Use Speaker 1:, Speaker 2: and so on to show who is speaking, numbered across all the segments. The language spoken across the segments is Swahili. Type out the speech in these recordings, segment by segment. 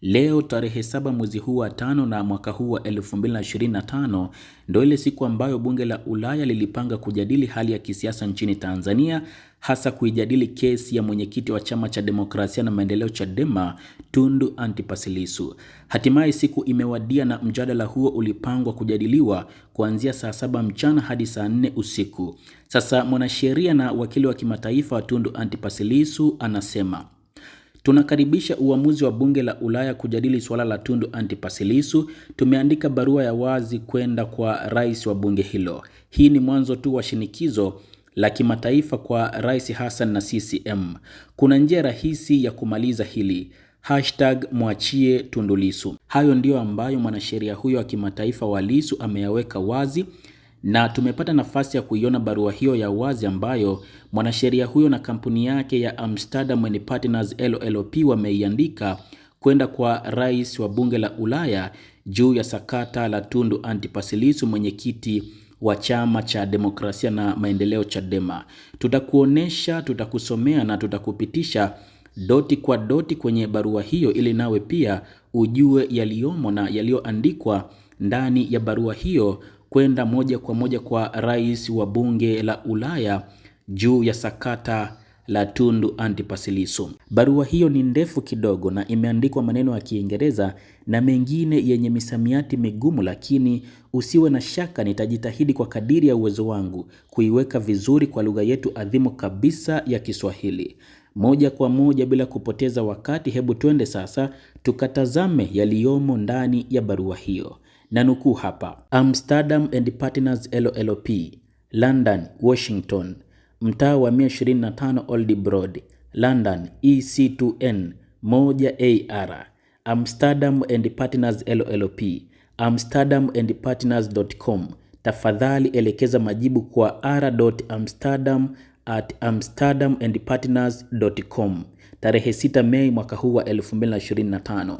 Speaker 1: Leo tarehe saba mwezi huu wa tano na mwaka huu wa 2025 ndio ile siku ambayo bunge la Ulaya lilipanga kujadili hali ya kisiasa nchini Tanzania, hasa kuijadili kesi ya mwenyekiti wa chama cha demokrasia na maendeleo Chadema Tundu Antipas Lissu. Hatimaye siku imewadia na mjadala huo ulipangwa kujadiliwa kuanzia saa saba mchana hadi saa nne usiku. Sasa mwanasheria na wakili wa kimataifa wa Tundu Antipas Lissu anasema Tunakaribisha uamuzi wa bunge la Ulaya kujadili suala la Tundu Antipas Lissu. Tumeandika barua ya wazi kwenda kwa rais wa bunge hilo. Hii ni mwanzo tu wa shinikizo la kimataifa kwa Rais Hassan na CCM. Kuna njia rahisi ya kumaliza hili. Hashtag mwachie Tundu Lissu. Hayo ndiyo ambayo mwanasheria huyo wa kimataifa wa Lissu ameyaweka wazi na tumepata nafasi ya kuiona barua hiyo ya wazi ambayo mwanasheria huyo na kampuni yake ya Amsterdam and Partners LLP wameiandika kwenda kwa rais wa bunge la Ulaya juu ya sakata la Tundu Antipas Lissu, mwenyekiti wa chama cha demokrasia na maendeleo Chadema. Tutakuonesha, tutakusomea na tutakupitisha doti kwa doti kwenye barua hiyo, ili nawe pia ujue yaliyomo na yaliyoandikwa ndani ya barua hiyo kwenda moja kwa moja kwa rais wa bunge la Ulaya juu ya sakata la Tundu Antipas Lissu. Barua hiyo ni ndefu kidogo na imeandikwa maneno ya Kiingereza na mengine yenye misamiati migumu, lakini usiwe na shaka, nitajitahidi kwa kadiri ya uwezo wangu kuiweka vizuri kwa lugha yetu adhimu kabisa ya Kiswahili. Moja kwa moja bila kupoteza wakati, hebu twende sasa tukatazame yaliyomo ndani ya barua hiyo na nukuu hapa: Amsterdam and Partners LLP, London, Washington, mtaa wa 125 Old Broad, London, EC2N 1AR. Amsterdam and Partners LLP, amsterdamandpartners.com. Tafadhali elekeza majibu kwa r.amsterdam at amsterdamandpartners.com. Tarehe 6 Mei mwaka huu wa 2025.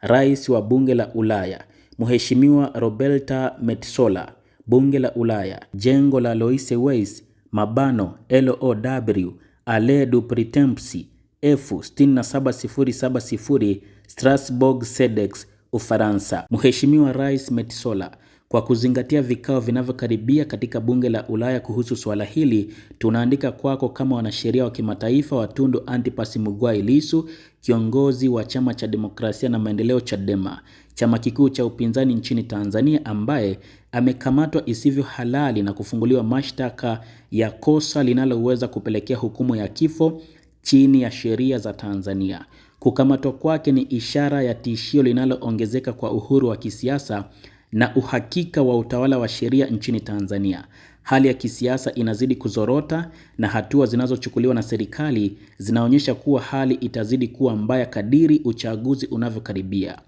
Speaker 1: Rais wa Bunge la Ulaya Mheshimiwa Roberta Metsola, bunge la Ulaya, jengo la Loise Ways mabano LOW ale du Pritempsi F67070 Strasbourg Sedex, Ufaransa. Mheshimiwa Rais Metsola, kwa kuzingatia vikao vinavyokaribia katika bunge la Ulaya kuhusu suala hili, tunaandika kwako kama wanasheria wa kimataifa wa Tundu Antipas Mugwai lisu kiongozi wa chama cha demokrasia na maendeleo Chadema chama kikuu cha upinzani nchini Tanzania ambaye amekamatwa isivyo halali na kufunguliwa mashtaka ya kosa linaloweza kupelekea hukumu ya kifo chini ya sheria za Tanzania. Kukamatwa kwake ni ishara ya tishio linaloongezeka kwa uhuru wa kisiasa na uhakika wa utawala wa sheria nchini Tanzania. Hali ya kisiasa inazidi kuzorota na hatua zinazochukuliwa na serikali zinaonyesha kuwa hali itazidi kuwa mbaya kadiri uchaguzi unavyokaribia.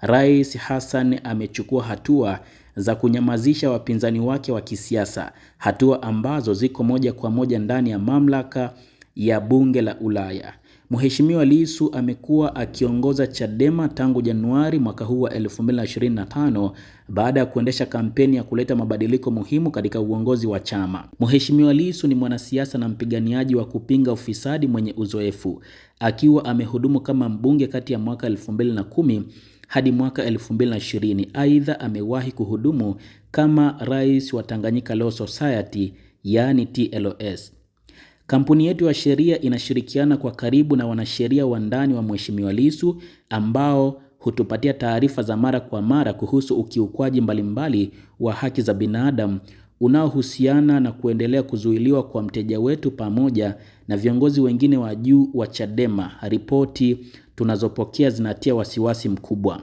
Speaker 1: Rais Hassan amechukua hatua za kunyamazisha wapinzani wake wa kisiasa, hatua ambazo ziko moja kwa moja ndani ya mamlaka ya bunge la Ulaya. Mheshimiwa Lissu amekuwa akiongoza Chadema tangu Januari mwaka huu wa 2025 baada ya kuendesha kampeni ya kuleta mabadiliko muhimu katika uongozi wa chama. Mheshimiwa Lissu ni mwanasiasa na mpiganiaji wa kupinga ufisadi mwenye uzoefu, akiwa amehudumu kama mbunge kati ya mwaka 2010 hadi mwaka 2020. Aidha, amewahi kuhudumu kama rais wa Tanganyika Law Society, yani TLS. Kampuni yetu ya sheria inashirikiana kwa karibu na wanasheria wa ndani wa Mheshimiwa Lissu ambao hutupatia taarifa za mara kwa mara kuhusu ukiukwaji mbalimbali wa haki za binadamu unaohusiana na kuendelea kuzuiliwa kwa mteja wetu pamoja na viongozi wengine wa juu wa Chadema. Ripoti tunazopokea zinatia wasiwasi mkubwa.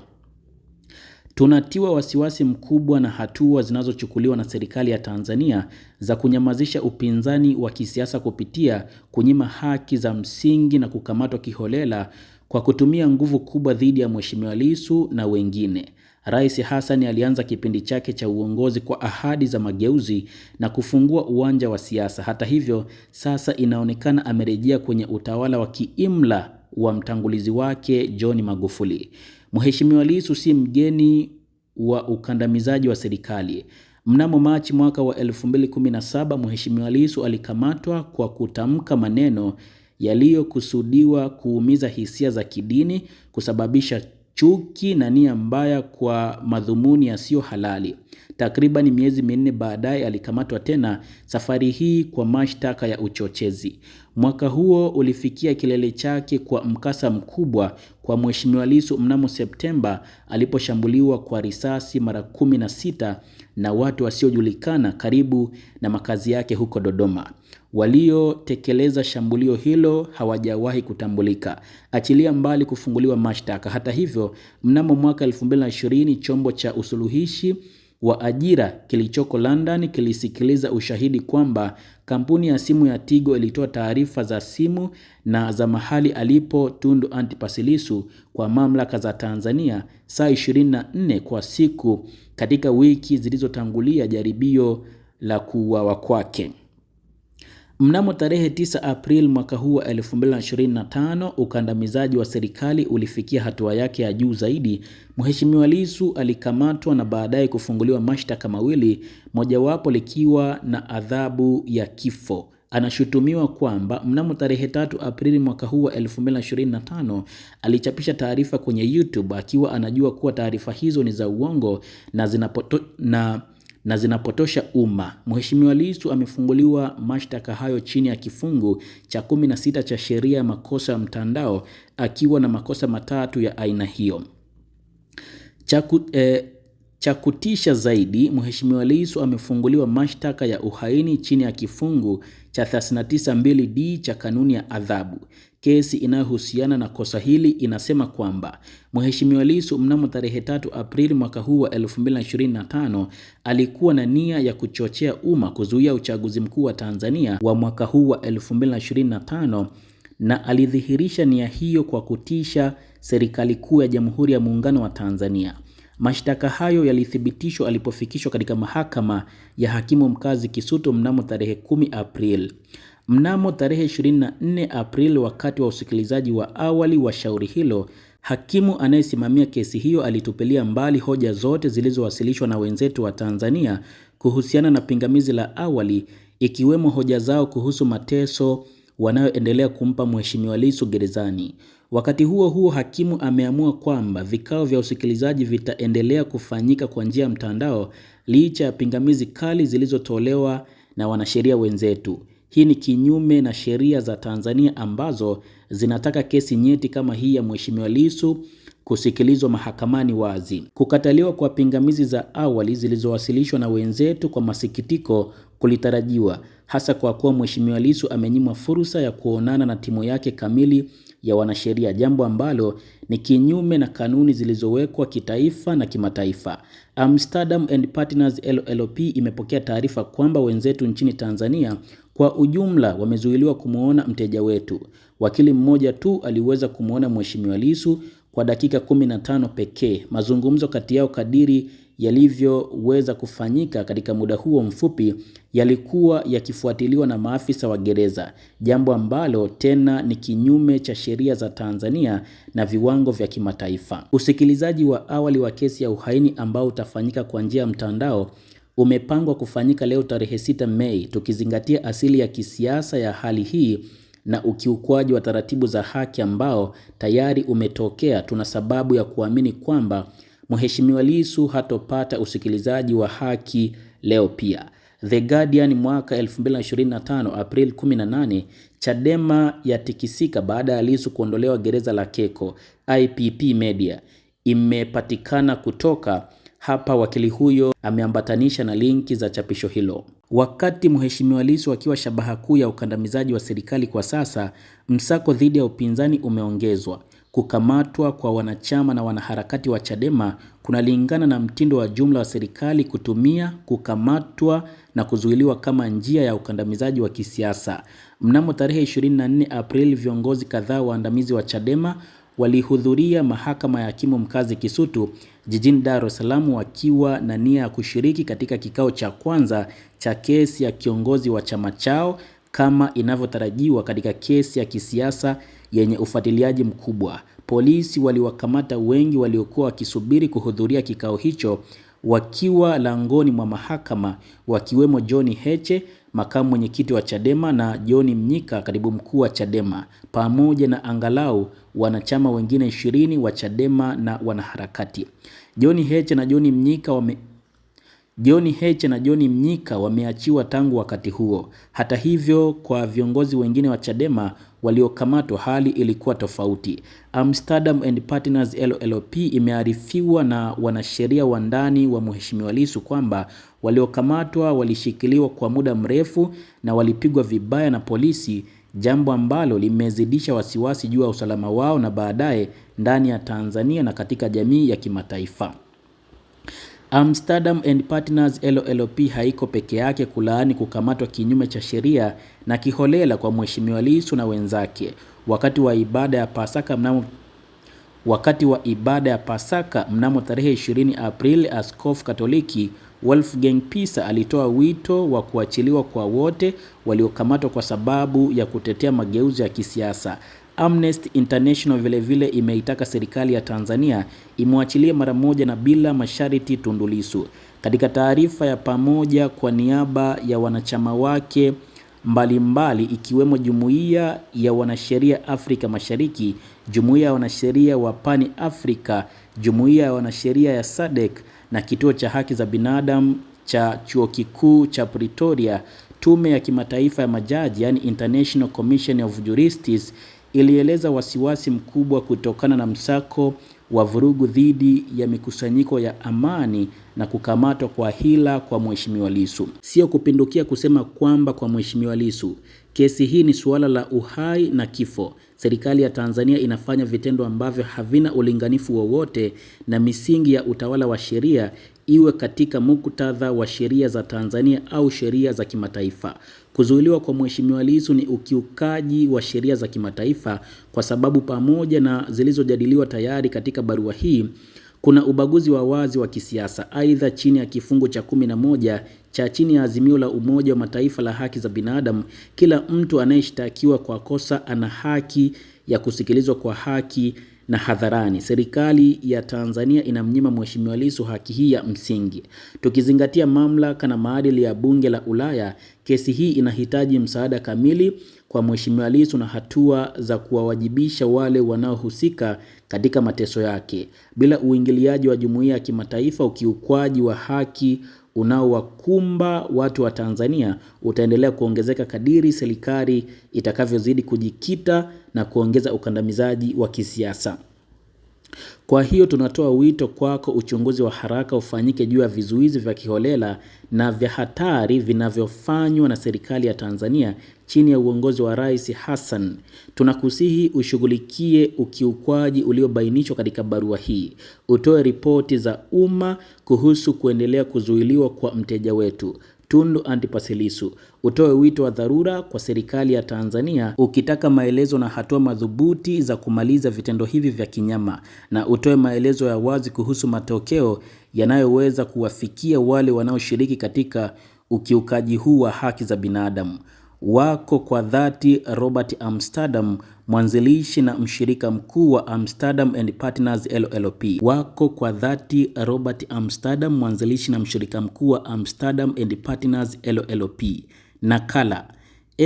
Speaker 1: Tunatiwa wasiwasi mkubwa na hatua zinazochukuliwa na serikali ya Tanzania za kunyamazisha upinzani wa kisiasa kupitia kunyima haki za msingi na kukamatwa kiholela kwa kutumia nguvu kubwa dhidi ya Mheshimiwa Lissu na wengine. Rais Hassan alianza kipindi chake cha uongozi kwa ahadi za mageuzi na kufungua uwanja wa siasa. Hata hivyo, sasa inaonekana amerejea kwenye utawala wa kiimla wa mtangulizi wake John Magufuli. Mheshimiwa Lissu si mgeni wa ukandamizaji wa serikali. Mnamo Machi mwaka wa 2017, Mheshimiwa Lissu alikamatwa kwa kutamka maneno yaliyokusudiwa kuumiza hisia za kidini, kusababisha chuki na nia mbaya kwa madhumuni yasiyo halali. Takriban miezi minne baadaye alikamatwa tena, safari hii kwa mashtaka ya uchochezi. Mwaka huo ulifikia kilele chake kwa mkasa mkubwa kwa Mheshimiwa Lissu mnamo Septemba aliposhambuliwa kwa risasi mara kumi na sita na watu wasiojulikana karibu na makazi yake huko Dodoma. Waliotekeleza shambulio hilo hawajawahi kutambulika, achilia mbali kufunguliwa mashtaka. Hata hivyo, mnamo mwaka 2020 chombo cha usuluhishi wa ajira kilichoko London kilisikiliza ushahidi kwamba kampuni ya simu ya Tigo ilitoa taarifa za simu na za mahali alipo Tundu Antipas Lissu kwa mamlaka za Tanzania saa 24 kwa siku katika wiki zilizotangulia jaribio la kuuawa kwake. Mnamo tarehe 9 April mwaka huu wa 2025, ukandamizaji wa serikali ulifikia hatua yake ya juu zaidi. Mheshimiwa Lissu alikamatwa na baadaye kufunguliwa mashtaka mawili, mojawapo likiwa na adhabu ya kifo. Anashutumiwa kwamba mnamo tarehe 3 Aprili mwaka huu wa 2025 alichapisha taarifa kwenye YouTube akiwa anajua kuwa taarifa hizo ni za uongo na zinapoto na na zinapotosha umma. Mheshimiwa Lissu amefunguliwa mashtaka hayo chini ya kifungu cha 16 cha sheria ya makosa ya mtandao akiwa na makosa matatu ya aina hiyo. Chaku, eh, cha kutisha zaidi, Mheshimiwa Lissu amefunguliwa mashtaka ya uhaini chini ya kifungu cha 392d cha kanuni ya adhabu. Kesi inayohusiana na kosa hili inasema kwamba Mheshimiwa Lissu mnamo tarehe 3 Aprili mwaka huu wa 2025 alikuwa na nia ya kuchochea umma kuzuia uchaguzi mkuu wa Tanzania wa mwaka huu wa 2025 na alidhihirisha nia hiyo kwa kutisha serikali kuu ya Jamhuri ya Muungano wa Tanzania. Mashtaka hayo yalithibitishwa alipofikishwa katika mahakama ya hakimu mkazi Kisutu mnamo tarehe 10 April. Mnamo tarehe 24 April, wakati wa usikilizaji wa awali wa shauri hilo, hakimu anayesimamia kesi hiyo alitupilia mbali hoja zote zilizowasilishwa na wenzetu wa Tanzania kuhusiana na pingamizi la awali, ikiwemo hoja zao kuhusu mateso wanayoendelea kumpa Mheshimiwa Lissu gerezani. Wakati huo huo, hakimu ameamua kwamba vikao vya usikilizaji vitaendelea kufanyika kwa njia ya mtandao licha ya pingamizi kali zilizotolewa na wanasheria wenzetu. Hii ni kinyume na sheria za Tanzania ambazo zinataka kesi nyeti kama hii ya Mheshimiwa Lissu kusikilizwa mahakamani wazi. Kukataliwa kwa pingamizi za awali zilizowasilishwa na wenzetu kwa masikitiko kulitarajiwa, hasa kwa kuwa Mheshimiwa Lissu amenyimwa fursa ya kuonana na timu yake kamili ya wanasheria, jambo ambalo ni kinyume na kanuni zilizowekwa kitaifa na kimataifa. Amsterdam and Partners LLP imepokea taarifa kwamba wenzetu nchini Tanzania kwa ujumla wamezuiliwa kumwona mteja wetu. Wakili mmoja tu aliweza kumwona Mheshimiwa Lissu kwa dakika 15 pekee. Mazungumzo kati yao kadiri yalivyoweza kufanyika katika muda huo mfupi yalikuwa yakifuatiliwa na maafisa wa gereza, jambo ambalo tena ni kinyume cha sheria za Tanzania na viwango vya kimataifa. Usikilizaji wa awali wa kesi ya uhaini ambao utafanyika kwa njia ya mtandao umepangwa kufanyika leo tarehe 6 Mei, tukizingatia asili ya kisiasa ya hali hii na ukiukwaji wa taratibu za haki ambao tayari umetokea, tuna sababu ya kuamini kwamba Mheshimiwa lisu hatopata usikilizaji wa haki leo pia. The Guardian mwaka 2025 April 18, Chadema yatikisika baada ya lisu kuondolewa gereza la Keko. IPP Media imepatikana kutoka hapa. Wakili huyo ameambatanisha na linki za chapisho hilo. Wakati Mheshimiwa lisu akiwa shabaha kuu ya ukandamizaji wa serikali kwa sasa, msako dhidi ya upinzani umeongezwa. Kukamatwa kwa wanachama na wanaharakati wa Chadema kunalingana na mtindo wa jumla wa serikali kutumia kukamatwa na kuzuiliwa kama njia ya ukandamizaji wa kisiasa. Mnamo tarehe 24 Aprili, viongozi kadhaa waandamizi wa Chadema walihudhuria mahakama ya hakimu mkazi Kisutu jijini Dar es Salaam wakiwa na nia ya kushiriki katika kikao cha kwanza cha kesi ya kiongozi wa chama chao kama inavyotarajiwa katika kesi ya kisiasa yenye ufuatiliaji mkubwa. Polisi waliwakamata wengi waliokuwa wakisubiri kuhudhuria kikao hicho wakiwa langoni mwa mahakama, wakiwemo John Heche, makamu mwenyekiti wa Chadema na John Mnyika, katibu mkuu wa Chadema, pamoja na angalau wanachama wengine ishirini wa Chadema na wanaharakati. John Heche na John Mnyika wame John Heche na John Mnyika wameachiwa tangu wakati huo. Hata hivyo, kwa viongozi wengine wa Chadema waliokamatwa, hali ilikuwa tofauti. Amsterdam and Partners LLP imearifiwa na wanasheria wa ndani wa Mheshimiwa Lissu kwamba waliokamatwa walishikiliwa kwa muda mrefu na walipigwa vibaya na polisi, jambo ambalo limezidisha wasiwasi juu ya usalama wao na baadaye ndani ya Tanzania na katika jamii ya kimataifa. Amsterdam and Partners LLP haiko peke yake kulaani kukamatwa kinyume cha sheria na kiholela kwa Mheshimiwa Lissu na wenzake wakati wa ibada ya Pasaka mnamo wakati wa ibada ya Pasaka mnamo tarehe 20 Aprili, Askofu Katoliki Wolfgang Pisa alitoa wito wa kuachiliwa kwa wote waliokamatwa kwa sababu ya kutetea mageuzi ya kisiasa. Amnesty International vilevile vile imeitaka serikali ya Tanzania imwachilie mara moja na bila masharti Tundu Lissu. Katika taarifa ya pamoja kwa niaba ya wanachama wake mbalimbali mbali, ikiwemo Jumuiya ya Wanasheria Afrika Mashariki, Jumuiya ya Wanasheria wa Pani africa Jumuiya ya Wanasheria ya SADC na Kituo cha Haki za Binadamu cha Chuo Kikuu cha Pretoria, Tume ya Kimataifa ya Majaji, yani International Commission of Jurists ilieleza wasiwasi mkubwa kutokana na msako wa vurugu dhidi ya mikusanyiko ya amani na kukamatwa kwa hila kwa Mheshimiwa Lissu. Sio kupindukia kusema kwamba kwa Mheshimiwa Lissu, kesi hii ni suala la uhai na kifo. Serikali ya Tanzania inafanya vitendo ambavyo havina ulinganifu wowote na misingi ya utawala wa sheria, iwe katika muktadha wa sheria za Tanzania au sheria za kimataifa. Kuzuiliwa kwa Mheshimiwa Lissu ni ukiukaji wa sheria za kimataifa kwa sababu pamoja na zilizojadiliwa tayari katika barua hii kuna ubaguzi wa wazi wa kisiasa. Aidha, chini ya kifungu cha kumi na moja cha chini ya azimio la Umoja wa Mataifa la haki za binadamu, kila mtu anayeshtakiwa kwa kosa ana haki ya kusikilizwa kwa haki na hadharani. Serikali ya Tanzania inamnyima Mheshimiwa Lissu haki hii ya msingi. Tukizingatia mamlaka na maadili ya bunge la Ulaya, kesi hii inahitaji msaada kamili kwa Mheshimiwa Lissu na hatua za kuwawajibisha wale wanaohusika katika mateso yake. Bila uingiliaji wa jumuiya ya kimataifa, ukiukwaji wa haki unaowakumba watu wa Tanzania utaendelea kuongezeka kadiri serikali itakavyozidi kujikita na kuongeza ukandamizaji wa kisiasa. Kwa hiyo tunatoa wito kwako uchunguzi wa haraka ufanyike juu ya vizuizi vya kiholela na vya hatari vinavyofanywa na serikali ya Tanzania chini ya uongozi wa Rais Hassan. Tunakusihi ushughulikie ukiukwaji uliobainishwa katika barua hii. Utoe ripoti za umma kuhusu kuendelea kuzuiliwa kwa mteja wetu. Tundu Antipas Lissu utoe wito wa dharura kwa serikali ya Tanzania ukitaka maelezo na hatua madhubuti za kumaliza vitendo hivi vya kinyama, na utoe maelezo ya wazi kuhusu matokeo yanayoweza kuwafikia wale wanaoshiriki katika ukiukaji huu wa haki za binadamu wako kwa dhati Robert Amsterdam, mwanzilishi na mshirika mkuu wa Amsterdam and Partners LLP. Wako kwa dhati Robert Amsterdam, mwanzilishi na mshirika mkuu wa Amsterdam and Partners LLP. Nakala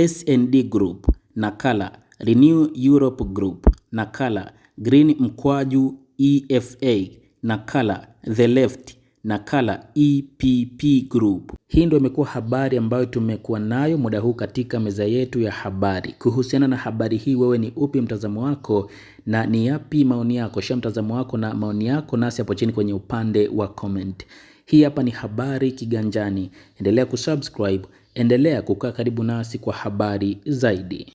Speaker 1: snd Group, nakala Renew Europe Group, nakala Green Mkwaju EFA, nakala The Left nakala EPP Group. Hii ndio imekuwa habari ambayo tumekuwa nayo muda huu katika meza yetu ya habari. Kuhusiana na habari hii, wewe ni upi mtazamo wako na ni yapi maoni yako? Shia mtazamo wako na maoni yako nasi hapo chini kwenye upande wa comment. Hii hapa ni habari Kiganjani. Endelea kusubscribe, endelea kukaa karibu nasi kwa habari zaidi.